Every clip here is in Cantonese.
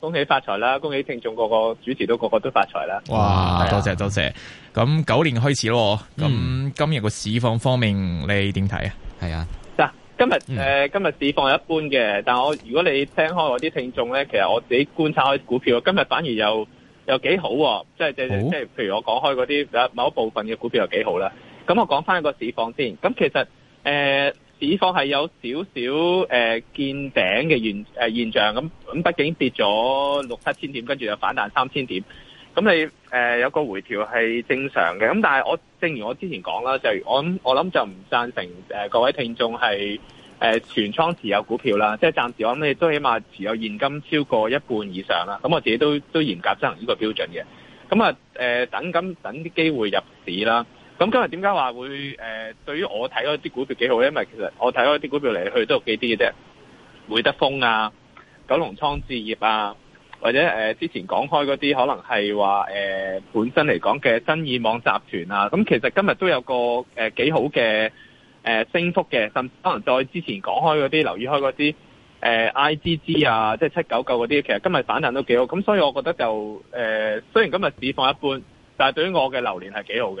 恭喜發財啦！恭喜聽眾個個主持都個個都發財啦！哇、啊多，多謝多謝！咁九年開始咯，咁、嗯、今日個市況方面你點睇啊？係啊，嗱、呃，今日誒，今日市況一般嘅，但係我如果你聽開我啲聽眾咧，其實我自己觀察開股票，今日反而又又幾好、啊，即係即係即係，哦、譬如我講開嗰啲某一部分嘅股票又幾好啦、啊。咁我講翻個市況先，咁其實誒。呃市況係有少少誒見頂嘅現誒現象，咁咁畢竟跌咗六七千點，跟住又反彈三千點，咁你誒、呃、有個回調係正常嘅。咁但係我正如我之前講啦，就我我諗就唔贊成誒各位聽眾係誒、呃、全倉持有股票啦，即、就、係、是、暫時我諗你都起碼持有現金超過一半以上啦。咁我自己都都嚴格執行呢個標準嘅。咁啊、呃、等緊等啲機會入市啦。咁今日點解話會誒、呃，對於我睇嗰啲股票幾好呢？因為其實我睇嗰啲股票嚟去都都幾啲嘅啫，會德豐啊、九龍倉置業啊，或者、呃、之前講開嗰啲可能係話誒本身嚟講嘅新意網集團啊，咁其實今日都有個幾、呃、好嘅誒、呃、升幅嘅，甚至可能再之前講開嗰啲留意開嗰啲誒 IGG 啊，即係七九九嗰啲，其實今日反彈都幾好。咁所以我覺得就、呃、雖然今日市況一般，但係對於我嘅流年係幾好嘅。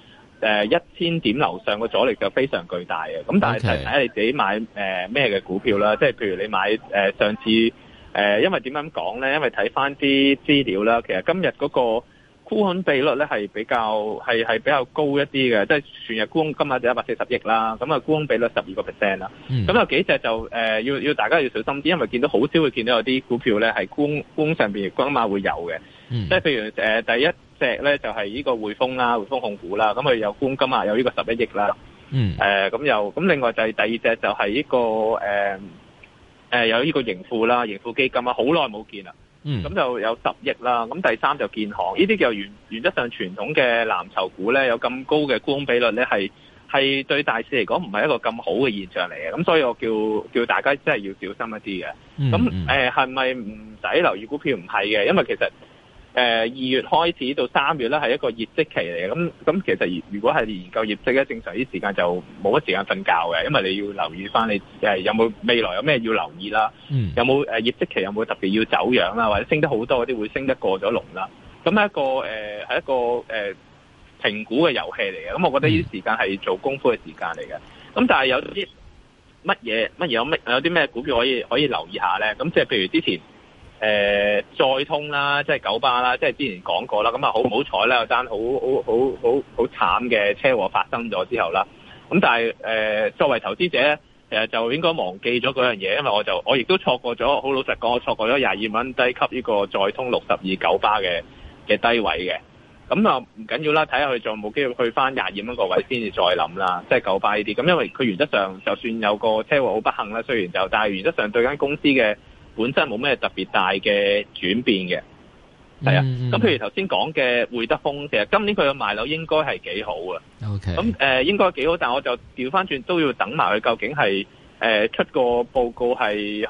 誒一千點樓上個阻力就非常巨大嘅，咁但係睇你自己買誒咩嘅股票啦，即係譬如你買誒、呃、上次誒、呃，因為點樣講咧？因為睇翻啲資料啦，其實今日嗰個沽空比率咧係比較係係比較高一啲嘅，即係全日沽空今日就一百四十億啦，咁啊沽空比率十二個 percent 啦，咁、嗯、有幾隻就誒、呃、要要大家要小心啲，因為見到好少會見到有啲股票咧係沽空上邊均碼會有嘅，嗯、即係譬如誒、呃、第一。隻咧就係呢個匯豐啦，匯豐控股啦，咁佢有沽空啊，有呢個十一億啦，誒、嗯，咁、呃、又，咁另外就係第二隻就係呢、這個誒，誒、呃呃、有呢個盈富啦，盈富基金啊，好耐冇見啦，咁、嗯、就有十億啦，咁第三就建行，呢啲叫原原則上傳統嘅藍籌股咧，有咁高嘅沽空比率咧，係係對大市嚟講唔係一個咁好嘅現象嚟嘅，咁所以我叫叫大家真係要小心一啲嘅，咁誒係咪唔使留意股票？唔係嘅，因為其實。誒、呃，二月開始到三月咧係一個業績期嚟嘅，咁、嗯、咁、嗯、其實如果係研究業績咧，正常啲時間就冇乜時間瞓覺嘅，因為你要留意翻你誒有冇未來有咩要留意啦，嗯、有冇誒、呃、業績期有冇特別要走樣啦，或者升得好多嗰啲會升得過咗龍啦，咁一個誒係、呃、一個誒評、呃、估嘅遊戲嚟嘅，咁、嗯、我覺得呢啲時間係做功夫嘅時間嚟嘅，咁、嗯、但係有啲乜嘢乜嘢有乜有啲咩股票可以可以留意一下咧？咁即係譬如之前。誒載、呃、通啦，即係九巴啦，即係之前講過啦。咁、嗯、啊，好唔好彩啦？有單好好好好好慘嘅車禍發生咗之後啦。咁、嗯、但係、呃、作為投資者，其實就應該忘記咗嗰樣嘢，因為我就我亦都錯過咗。好老實講，我錯過咗廿二蚊低級呢個載通六十二九巴嘅嘅低位嘅。咁、嗯、啊，唔緊要啦，睇下佢仲有冇機會去翻廿二蚊個位先至再諗啦。即係九巴呢啲咁，因為佢原則上就算有個車禍好不幸啦，雖然就，但係原則上對間公司嘅。本身冇咩特別大嘅轉變嘅，係、嗯、啊，咁譬如頭先講嘅會德豐，其實今年佢嘅賣樓應該係幾好啊。OK，咁誒、呃、應該幾好，但係我就調翻轉都要等埋佢究竟係誒、呃、出個報告係誒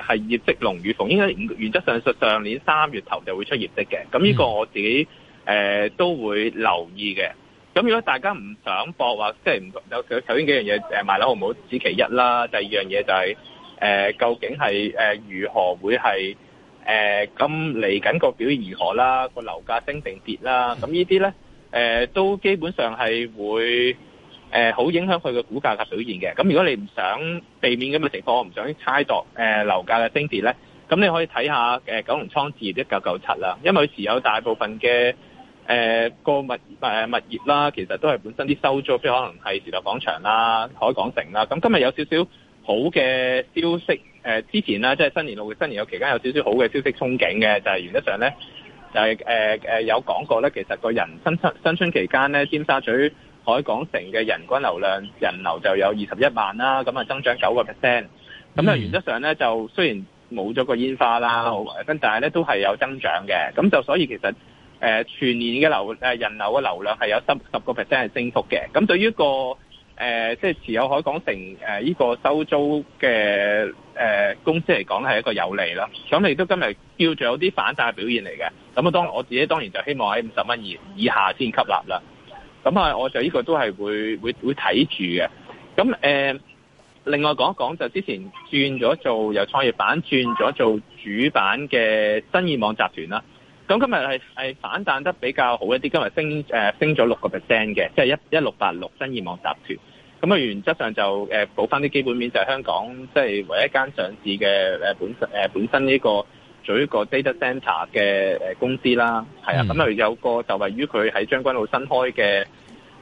係業績龍與鳳，應該原則上上上年三月頭就會出業績嘅。咁呢、嗯、個我自己誒、呃、都會留意嘅。咁如果大家唔想博話，即係唔有首先幾樣嘢誒賣樓好唔好？指其一啦，第二樣嘢就係、是。誒究竟係誒如何會係誒咁嚟緊個表現如何啦？個樓價升定跌啦？咁呢啲咧誒都基本上係會誒好影響佢嘅股價嘅表現嘅。咁如果你唔想避免咁嘅情況，我唔想猜度誒樓價嘅升跌咧，咁你可以睇下誒九龍倉置業一九九七啦，因為佢持有大部分嘅誒個物誒物業啦，其實都係本身啲收租，即係可能係時代廣場啦、海港城啦。咁今日有少少好嘅消息，誒、呃、之前啦，即係新年嘅新年有期間有少少好嘅消息憧憬嘅，就係、是、原則上咧，就係、是、誒、呃呃、有講過咧，其實個人新春新春期間咧，尖沙咀海港城嘅人均流量人流就有二十一萬啦，咁啊增長九個 percent，咁啊原則上咧就雖然冇咗個煙花啦，咁但係咧都係有增長嘅，咁就所以其實誒、呃、全年嘅流人流嘅流量係有十十個 percent 係升幅嘅，咁對於個。誒、呃，即係持有海港城誒，依、呃這個收租嘅誒、呃、公司嚟講咧，係一個有利啦。咁，你亦都今日叫做有啲反彈表現嚟嘅。咁啊，當我自己當然就希望喺五十蚊以以下先吸納啦。咁啊，我就呢個都係會會會睇住嘅。咁誒、呃，另外講一講就之前轉咗做由創業板轉咗做主板嘅新意網集團啦。咁今日係反彈得比較好一啲，今日升、呃、升咗六個 percent 嘅，即係一一六八六新意網集團。咁啊，原則上就誒、呃、補翻啲基本面，就係、是、香港即係、就是、唯一間上市嘅、呃、本身、這個呃、本身呢、這個做一個 data center 嘅公司啦，係、嗯、啊。咁啊，有個就位於佢喺將軍澳新開嘅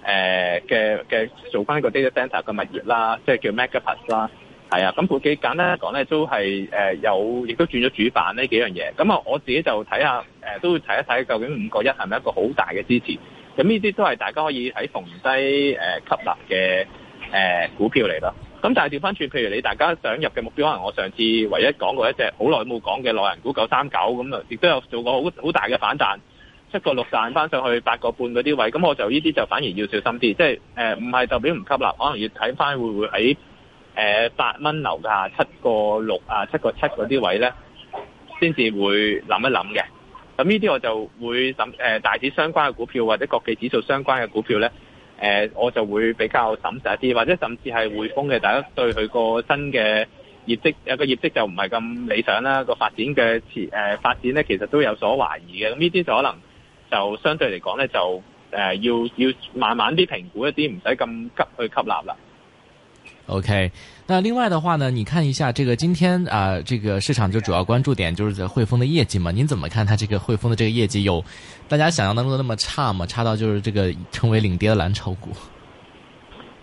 誒嘅嘅做翻呢個 data center 嘅物業啦，即係叫 Mega Pass 啦。係啊，咁佢幾簡單一講咧，都係誒有，亦、呃、都轉咗主板呢幾樣嘢。咁啊，我自己就睇下誒、呃，都會睇一睇究竟五個一係咪一個好大嘅支持。咁呢啲都係大家可以喺逢低誒吸納嘅誒股票嚟咯。咁但係調翻轉，譬如你大家想入嘅目標，可能我上次唯一講過一隻好耐冇講嘅內銀股九三九咁啊，亦都有做過好好大嘅反彈，七個六彈翻上去八個半嗰啲位。咁我就呢啲就反而要小心啲，即係唔係代表唔吸納，可能要睇翻會唔會喺。誒，八蚊樓下七個六啊，七個七嗰啲位咧，先至會諗一諗嘅。咁呢啲我就會審誒、呃，大市相關嘅股票或者國際指數相關嘅股票咧，誒、呃，我就會比較審視一啲，或者甚至係匯豐嘅，大家對佢個新嘅業績有個業績就唔係咁理想啦，個發展嘅前誒發展咧，其實都有所懷疑嘅。咁呢啲就可能就相對嚟講咧，就誒、呃、要要慢慢啲評估一啲，唔使咁急去吸納啦。O、okay. K，那另外的話呢？你看一下，這個今天啊、呃，這個市場就主要關注點就是這匯豐的業績嘛。你怎麼看？它這個匯豐的這個業績有大家想象當中的那麼差嗎？差到就是這個成為領跌的藍籌股？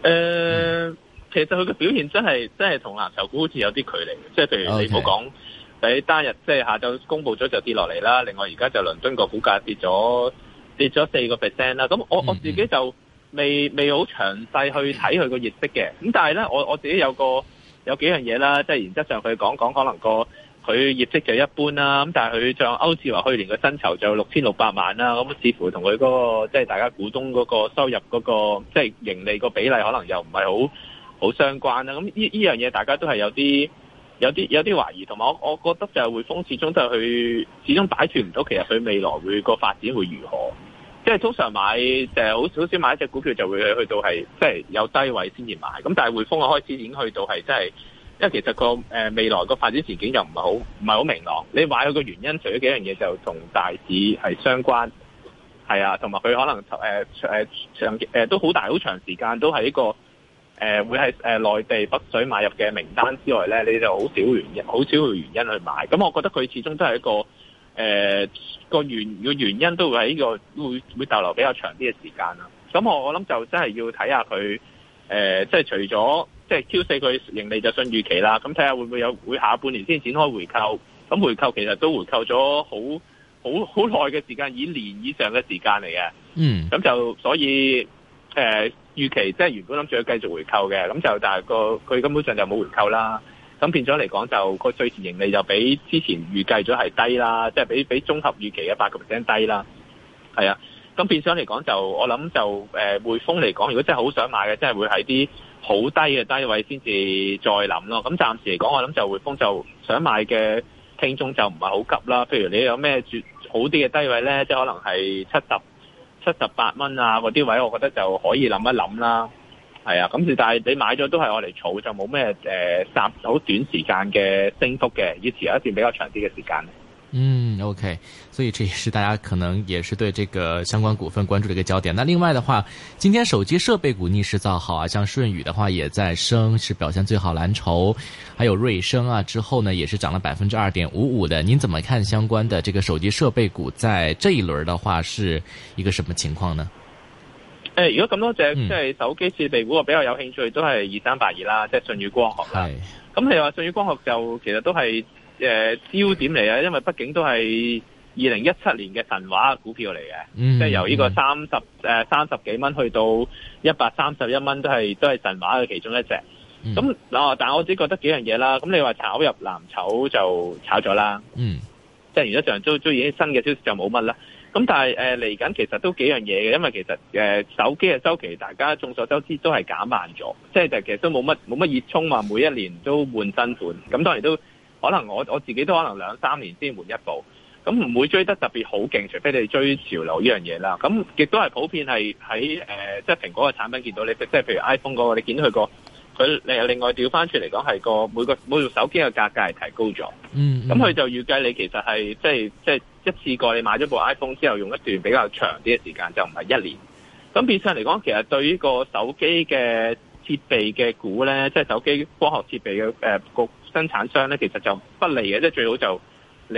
呃、嗯、其實佢嘅表現真係真係同藍籌股好似有啲距離嘅。即係譬如你冇講你單日，Okay. 即係下晝公布咗就跌落嚟啦。另外而家就倫敦個股價跌咗跌咗四個 percent 啦。咁我我自己就。嗯嗯未未好詳細去睇佢個業績嘅，咁但係呢，我我自己有個有幾樣嘢啦，即係原則上佢講講可能個佢業績就一般啦，咁但係佢像歐智華去年嘅薪酬就六千六百萬啦，咁似乎同佢嗰個即係大家股東嗰個收入嗰個即係盈利個比例可能又唔係好好相關啦，咁呢樣嘢大家都係有啲有啲有啲懷疑，同埋我我覺得就匯豐始終都係佢始終擺脫唔到，其實佢未來會個發展會如何？即係通常買誒好少少買一隻股票就會去到係即係有低位先至買，咁但係匯豐我開始已經去到係即係，即係、因為其實、個、呃、未來個發展前景又唔係好唔係好明朗。你買佢個原因除咗幾樣嘢就同大市係相關，係啊，同埋佢可能、呃、長、呃長呃、都好大好長時間都喺個、呃、會係內地北水買入嘅名單之外咧，你就好少原因好少嘅原因去買。咁我覺得佢始終都係一個。誒、呃、個原個原因都會喺呢個會會逗留比較長啲嘅時間啦。咁我我諗就真係要睇下佢呃、即係除咗即係 Q4 佢盈利就信預期啦。咁睇下會唔會有會下半年先展開回購。咁回購其實都回購咗好好好耐嘅時間，以年以上嘅時間嚟嘅。嗯。咁就所以預、呃、期即係原本諗住要繼續回購嘅，咁就但係個佢根本上就冇回購啦。咁變相嚟講，就個稅前盈利就比之前預計咗係低啦，即係比比綜合預期嘅八個 percent 低啦。係啊，咁變相嚟講就，我諗就誒匯豐嚟講，如果真係好想買嘅，真係會喺啲好低嘅低位先至再諗咯。咁暫時嚟講，我諗就匯豐就想買嘅聽眾就唔係好急啦。譬如你有咩絕好啲嘅低位咧，即係可能係七十、七十八蚊啊嗰啲位，我覺得就可以諗一諗啦。係啊，咁但係你買咗都係我嚟儲，就冇咩誒集好短時間嘅升幅嘅，要持有一段比較長啲嘅時間。嗯，OK，所以這也是大家可能也是對這個相關股份關注嘅一個焦點。那另外的話，今天手機設備股逆勢造好啊，像舜宇的話也在升，是表現最好藍籌，還有瑞聲啊之後呢，也是漲了百分之二點五五的。您怎麼看相關的這個手機設備股在這一輪的話是一個什麼情況呢？如果咁多隻即係手機設備股，我比較有興趣，都係二三八二啦，即係順宇光學舜宇光學啦。咁你話舜宇光學就其實都係誒焦點嚟啊，因為畢竟都係二零一七年嘅神話股票嚟嘅，即係由呢個三十三十幾蚊去到一百三十一蚊，都係都係神話嘅其中一隻。咁嗱，但我只覺得幾樣嘢啦。咁你話炒入藍籌就炒咗啦，嗯，即係而家就係追追新嘅消息就冇乜啦。咁、嗯、但係誒嚟緊其實都幾樣嘢嘅，因為其實誒、呃、手機嘅周期，大家眾所周知都係減慢咗，即係就其實都冇乜冇乜熱衷話每一年都換新款。咁、嗯、當然都可能我我自己都可能兩三年先換一部，咁、嗯、唔會追得特別好勁，除非你追潮流呢樣嘢啦。咁、嗯、亦都係普遍係喺誒，即、呃、係、就是、蘋果嘅產品見到你，即、就、係、是、譬如 iPhone 嗰、那個，你見到佢、那個。佢另另外調翻出嚟講，係個每個每部手機嘅價格係提高咗、嗯。嗯，咁佢就預計你其實係即係即係一次過你買咗部 iPhone 之後，用一段比較長啲嘅時間，就唔係一年。咁變相嚟講，其實對於個手機嘅設備嘅股咧，即係手機光學設備嘅誒個生產商咧，其實就不利嘅。即係最好就你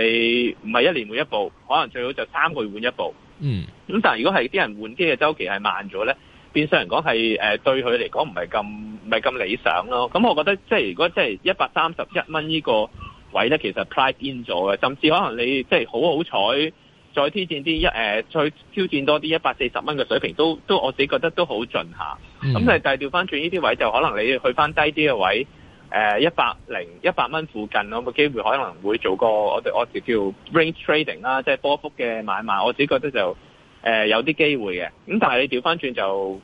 唔係一年換一部，可能最好就三個月換一部。嗯。咁但係如果係啲人換機嘅周期係慢咗咧，變相嚟講係對佢嚟講唔係咁。唔係咁理想咯，咁我覺得即係如果即係一百三十一蚊呢個位咧，其實 price in 咗嘅，甚至可能你即係好好彩，再挑戰啲一誒、呃，再挑戰多啲一百四十蚊嘅水平，都都我自己覺得都好盡下。咁、嗯、但係但係調翻轉呢啲位就可能你去翻低啲嘅位，誒一百零一百蚊附近咯，個機會可能會做個我哋我哋叫 range trading 啦，即係波幅嘅買賣。我自己覺得就、呃、有啲機會嘅，咁但係你調翻轉就。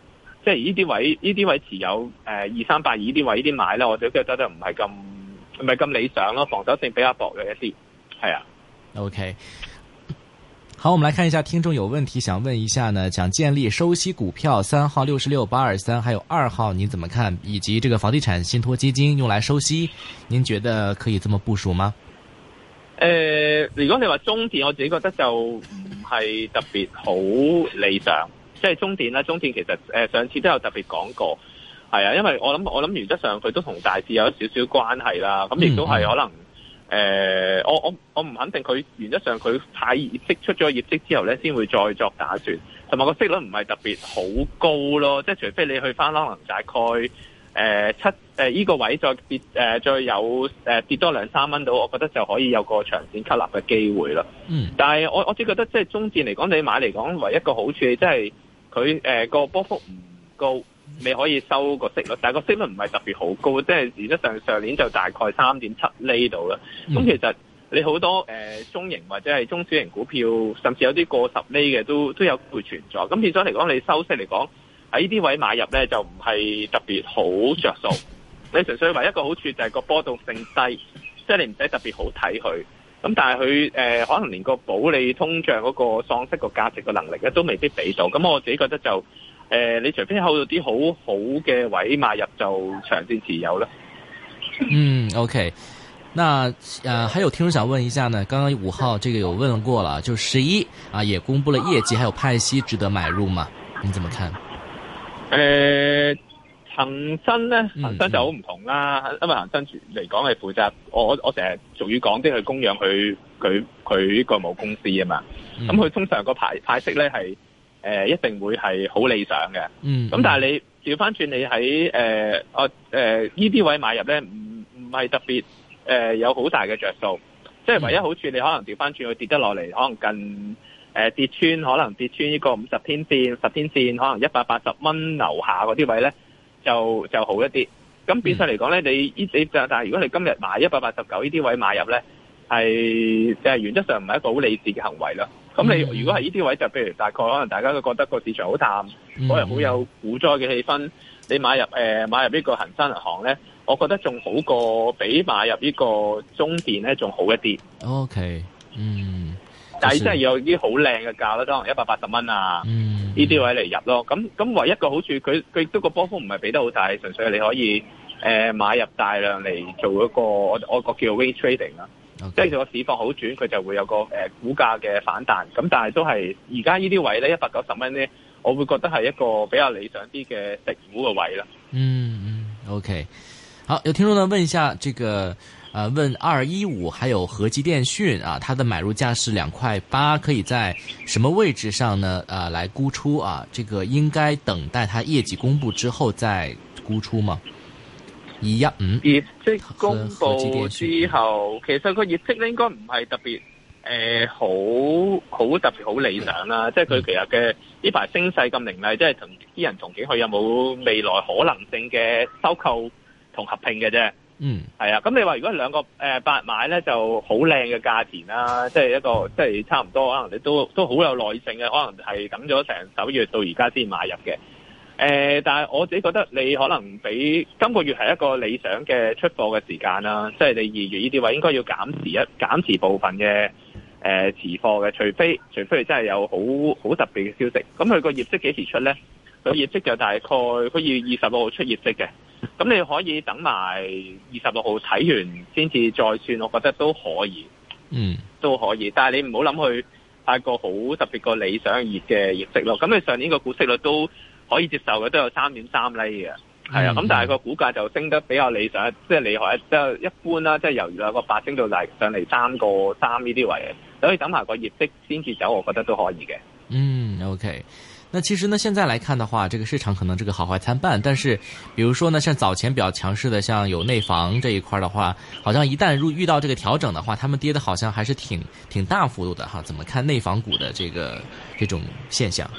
即係呢啲位，呢啲位持有誒二三八、二、呃、啲位呢啲買啦，我哋都覺得就唔係咁唔係咁理想咯，防守性比較薄弱一啲，係啊。OK，好，我們來看一下聽眾有問題想問一下呢，想建立收息股票三號六十六八二三，還有二號，你怎麼看？以及這個房地產信託基金用來收息，您覺得可以這麼部署嗎？誒、呃，如果你話中電，我自己覺得就唔係特別好理想。即係中電啦。中電其實上次都有特別講過，係啊，因為我諗我諗原則上佢都同大市有少少關係啦，咁亦都係可能誒、嗯呃，我我我唔肯定佢原則上佢睇業績出咗業績之後咧，先會再作打算，同埋個息率唔係特別好高咯，即係除非你去翻可能大概誒、呃、七誒依、呃這個位再跌、呃、再有誒、呃、跌多兩三蚊到，我覺得就可以有個長線吸納嘅機會啦。嗯，但係我我只覺得即係中電嚟講，你買嚟講唯一個好處即係。佢誒個波幅唔高，未可以收個息率，但係個息率唔係特別好高，即係而得上上年就大概三點七釐度啦。咁其實你好多誒、呃、中型或者係中小型股票，甚至有啲過十厘嘅都都有機會存在。咁變相嚟講，你收息嚟講喺呢啲位買入咧，就唔係特別好着數。你純粹唯一個好處就係個波動性低，即係你唔使特別好睇佢。咁但係佢誒，可能連個保利通脹嗰個喪失個價值嘅能力咧，都未必俾到。咁我自己覺得就誒、呃，你除非 hold 到啲好好嘅位買入，就長線持有啦。嗯，OK 那。那、呃、誒，還有聽眾想問一下呢？剛剛五號這個有問過啦，就十一啊，也公布了業績，還有派息，值得買入嘛？你怎麼看？誒、呃。恒生咧，恒生就好唔同啦。因為恒生嚟講係負責，我我成日俗語講啲去供養佢佢佢呢個母公司啊嘛。咁佢、嗯、通常個派派息咧係、呃、一定會係好理想嘅。咁、嗯、但係你調翻轉，你喺誒我呢啲位買入咧，唔唔係特別誒、呃、有大好大嘅著數。即係唯一好處，你可能調翻轉佢跌得落嚟，可能近誒、呃、跌穿，可能跌穿呢個五十天線、十天線，可能一百八十蚊樓下嗰啲位咧。就就好一啲，咁變相嚟講咧，你你就但係如果你今日買一百八十九呢啲位買入咧，係即係原則上唔係一個好理智嘅行為咯。咁你如果係呢啲位，就譬如大概可能大家都覺得個市場好淡，嗯、可能好有股災嘅氣氛，你買入、呃、買入呢個恒生銀行咧，我覺得仲好過比買入呢個中電咧仲好一啲。OK，嗯，就係、但係真係有啲好靚嘅價咯，當然一百八十蚊啊。嗯呢啲、嗯、位嚟入咯，咁咁唯一個好處，佢佢都個波幅唔係俾得好大，純粹你可以誒、呃、買入大量嚟做一個我我個叫 retrading 啦，即係個市況好轉，佢就會有個誒股價嘅反彈。咁但係都係而家呢啲位咧一百九十蚊咧，我會覺得係一個比較理想啲嘅定股嘅位啦、嗯。嗯嗯，OK，好，有聽眾呢問一下呢個。啊，問二一五還有和記電訊啊，它的買入價是兩塊八，可以在什麼位置上呢？啊，來沽出啊？這個應該等待它業績公佈之後再沽出嗎？一樣，嗯，業績公布之後，其實個業績咧應該唔係特別誒，好、呃、好特別好理想啦。嗯、即係佢其實嘅呢排升勢咁凌厲，即係同啲人憧憬佢有冇未來可能性嘅收購同合併嘅啫。嗯，係啊，咁你話如果兩個誒八、呃、買咧，就好靚嘅價錢啦、啊，即、就、係、是、一個即係、就是、差唔多，可能你都都好有耐性嘅，可能係等咗成首月到而家先買入嘅。誒、呃，但係我自己覺得你可能比今個月係一個理想嘅出貨嘅時間啦、啊，即、就、係、是、你二月呢啲話應該要減持一減持部分嘅誒、呃、持貨嘅，除非除非你真係有好好特別嘅消息。咁佢個業績幾時出咧？佢業績就大概可以二十六號出業績嘅。咁你可以等埋二十六號睇完先至再算，我覺得都可以，嗯，都可以。但係你唔好諗去太過好特別個理想業嘅業績咯。咁你上年個股息率都可以接受嘅，都有三點三厘嘅，係啊。咁但係個股價就升得比較理想，即係你可即係一般啦，即係由兩個八升到嚟上嚟三個三呢啲位嘅，所以等埋個業績先至走，我覺得都可以嘅。嗯，OK。那其實呢，現在來看的話，這個市場可能這個好壞參半。但是，比如說呢，像早前比較強勢的，像有內房這一塊的話，好像一旦遇遇到這個調整的話，他們跌得好像還是挺挺大幅度的哈。怎麼看內房股的這個這種現象？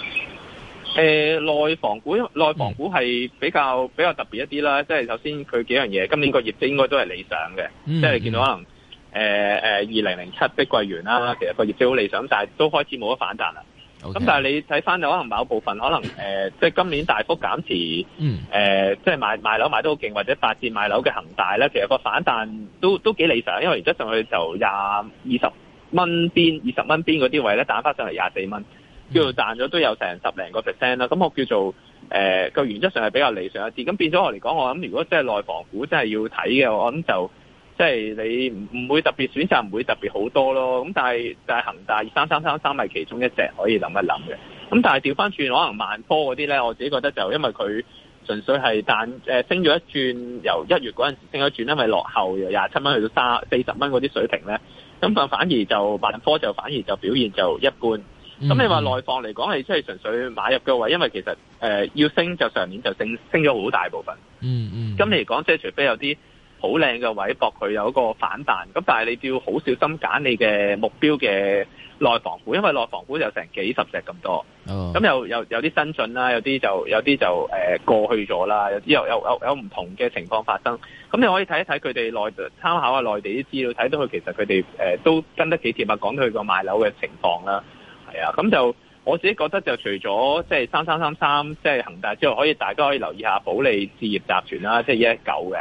呃，內房股內房股係比較、嗯、比較特別一啲啦，即係首先佢幾樣嘢，今年個業績應該都係理想嘅，嗯、即係你見到可能誒誒二零零七碧桂園啦，其實個業績好理想，但係都開始冇得反彈啦。咁 Okay. 但係你睇翻，有可能某部分可能、呃、即係今年大幅減持，mm. 呃、即係賣賣樓賣得好勁，或者八折賣樓嘅恒大咧，其實個反彈都都幾理想，因為原則上佢就廿二十蚊邊二十蚊邊嗰啲位咧，打翻上嚟廿四蚊，叫做賺咗都有成十零個 percent 啦。咁我叫做誒個、呃、原則上係比較理想一啲。咁變咗我嚟講，我諗如果即係內房股真係要睇嘅，我諗就。即係你唔唔會特別選擇，唔會特別好多咯。咁但係，就係恒大三三三三係其中一隻可以諗一諗嘅。咁但係調翻轉，可能萬科嗰啲咧，我自己覺得就因為佢純粹係彈、呃、升咗一轉，由一月嗰陣時升咗一轉，因為落後廿七蚊去到三四十蚊嗰啲水平咧，咁就反而就萬科就反而就表現就一般。咁你話內房嚟講係即係純粹買入嘅位，因為其實、呃、要升就上年就升升咗好大部分。嗯嗯。咁你嚟講即係除非有啲好靚嘅位搏，佢有一個反彈咁，但係你要好小心揀你嘅目標嘅內房股，因為內房股有成幾十隻咁多，咁又、oh. 嗯、有啲新進啦，有啲就有啲就過去咗啦，有啲有有有唔同嘅情況發生，咁、嗯、你可以睇一睇佢哋參考下內地啲資料，睇到佢其實佢哋、呃、都跟得幾貼啊，講佢個賣樓嘅情況啦，係啊，咁、嗯、就我自己覺得就除咗即係三三三三即係恒大之後，可以大家可以留意下保利置業集團啦，即係一九嘅。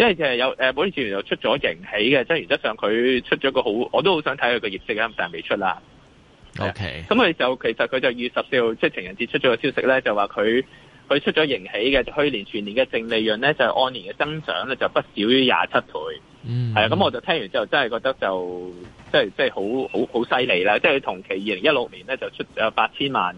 即係有誒保險集團又出咗盈喜嘅，即係原則上佢出咗個好，我都好想睇佢個業績啦，但係成日未出啦。OK，咁佢、嗯、就其實佢就二月十四號即係情人節出咗個消息咧，就話佢佢出咗盈喜嘅，去年全年嘅淨利潤咧就是、按年嘅增長咧就不少於廿七倍。嗯、mm.，係啊，咁我就聽完之後真係覺得就即係即係好好好犀利啦！即係佢同期二零一六年咧就出誒八千萬。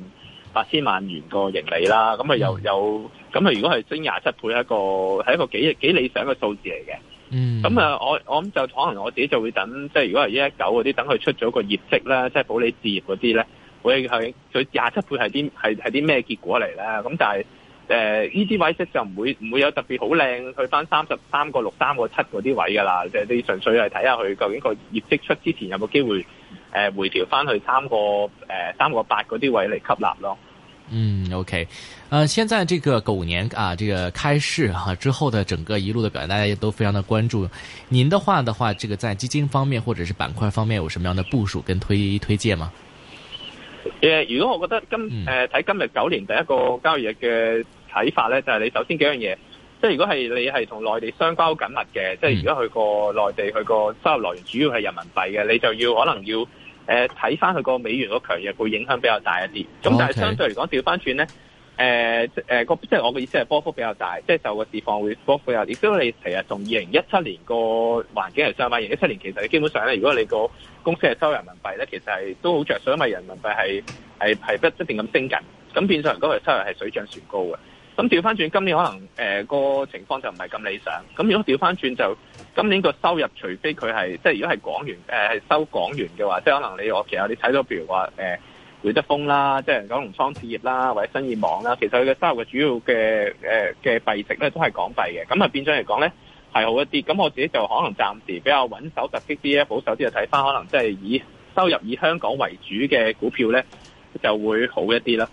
八千萬元個盈利啦，咁啊又有，咁啊、嗯、如果係升廿七倍係一個係一個幾幾理想嘅數字嚟嘅。咁啊、嗯，我我諗就可能我自己就會等，即係如果係一九嗰啲等佢出咗個業績啦，即係保利置業嗰啲咧，會去佢廿七倍係啲係啲咩結果嚟咧？咁就係呢啲位息就唔會唔會有特別好靚去翻三十三個六三個七嗰啲位㗎啦。即係你純粹係睇下佢究竟個業績出之前有冇機會。誒，回調翻去三個誒，三個八嗰啲位嚟吸納咯。嗯，OK。誒、呃，現在這個狗年啊，這個開市啊之後的整個一路的表現，大家都非常的關注。您的話的話，這個在基金方面或者是板塊方面有什麼樣的部署跟推推介嗎？誒，如果我覺得今誒睇、嗯呃、今日九年第一個交易日嘅睇法呢就係、是、你首先幾樣嘢，即係如果係你係同內地相關好緊密嘅，嗯、即係如果去過內地去過收入來源主要係人民幣嘅，你就要可能要。誒睇翻佢個美元嗰強弱會影響比較大一啲，咁 Okay. 但係相對嚟講調翻轉咧，誒誒個即係我嘅意思係波幅比較大，即係就個市況會波幅比較大。因為你其實從二零一七年個環境嚟講咧，二零一七年其實你基本上咧，如果你個公司係收人民幣咧，其實係都好着數，因為人民幣係係係不斷咁升緊，咁變相嗰個收入係水漲船高嘅。咁調翻轉今年可能誒、呃那個情況就唔係咁理想。咁如果調翻轉就今年個收入，除非佢係即係如果係港元係收港元嘅話，即係可能你我其實你睇到，譬如話誒會德豐啦，即係九龍倉置業啦，或者新意網啦，其實佢嘅收入嘅主要嘅嘅、呃、幣值咧都係港幣嘅。咁啊變咗嚟講咧係好一啲。咁我自己就可能暫時比較穩守突擊啲啊，保守啲就睇翻可能即係以收入以香港為主嘅股票咧就會好一啲啦。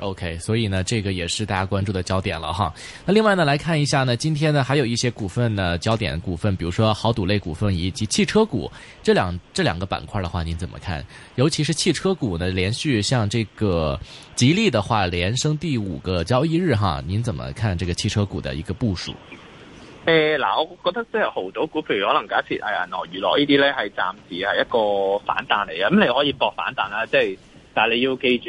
OK，所以呢，這個也是大家關注的焦點了哈。那另外呢，來看一下呢，今天呢還有一些股份呢，焦點股份，比如說豪賭類股份以及汽車股，這兩這兩個板塊的話，您怎麼看？尤其是汽車股呢，連續像這個吉利的話，連升第五個交易日哈，您怎麼看這個汽車股的一個部署？誒，嗱，我覺得即係豪賭股，譬如可能假設哎呀，銀河娛樂呢啲呢係暫時係一個反彈嚟嘅，咁你可以搏反彈啦、啊，即係。但你要記住，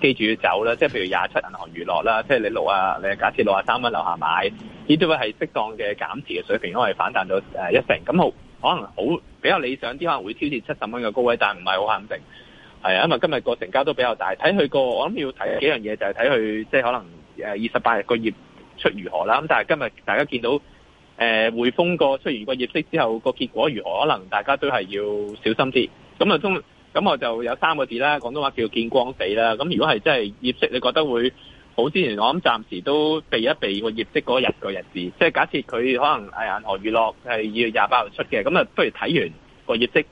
記住要走啦。即係譬如廿七銀行娛樂啦，即係你六啊，你假設六啊三蚊樓下買，呢啲位係適當嘅減持嘅水平，因為反彈到一成。咁好可能好比較理想啲，可能會挑戰七十蚊嘅高位，但係唔係好肯定。係啊，因為今日個成交都比較大，睇佢個我諗要睇幾樣嘢，就係睇佢即係可能誒二十八日個業出如何啦。咁但係今日大家見到誒匯、呃、豐個出完個業績之後個結果如何，可能大家都係要小心啲。咁啊，中。咁我就有三個字啦，廣東話叫見光死啦。咁如果係真係業績，你覺得會好之前，我諗暫時都避一避個業績嗰日嗰日子。即係假設佢可能誒銀河娛樂，係二月廿八號出嘅，咁啊不如睇完個業績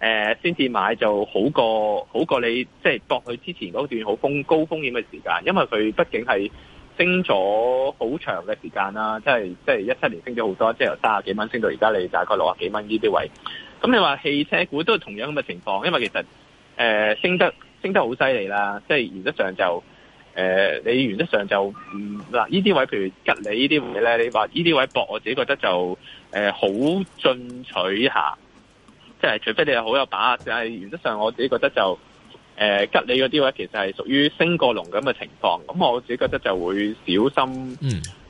誒先至買就好過好過你即係搏佢之前嗰段好風高風險嘅時間，因為佢畢竟係升咗好長嘅時間啦，即係即係一七年升咗好多，即係由卅幾蚊升到而家你大概六十幾蚊呢啲位。咁你話汽車股都係同樣咁嘅情況，因為其實誒、呃、升得升得好犀利啦，即係原則上就誒、呃、你原則上就唔嗱呢啲位，譬如吉利呢啲位咧，你話呢啲位搏，我自己覺得就誒好、呃、進取下，即係除非你係好有把握，但係原則上我自己覺得就誒、呃、吉利嗰啲位其實係屬於升過龍咁嘅情況，咁我自己覺得就會小心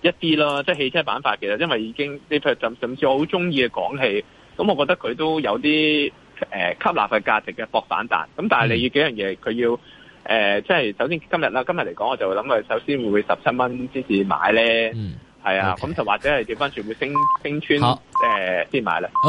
一啲囉。嗯、即係汽車板塊其實因為已經，你譬如甚甚至我好中意嘅廣汽。咁、嗯、我覺得佢都有啲誒、呃、吸納嘅價值嘅博反彈，咁、嗯嗯、但係你要幾樣嘢，佢要誒、呃，即係首先今日啦，今日嚟講我就會諗佢首先會唔會十七蚊先至買咧？嗯，係啊，咁就 okay,、嗯、或者係調翻轉會升升穿誒先好、呃、買啦。Okay,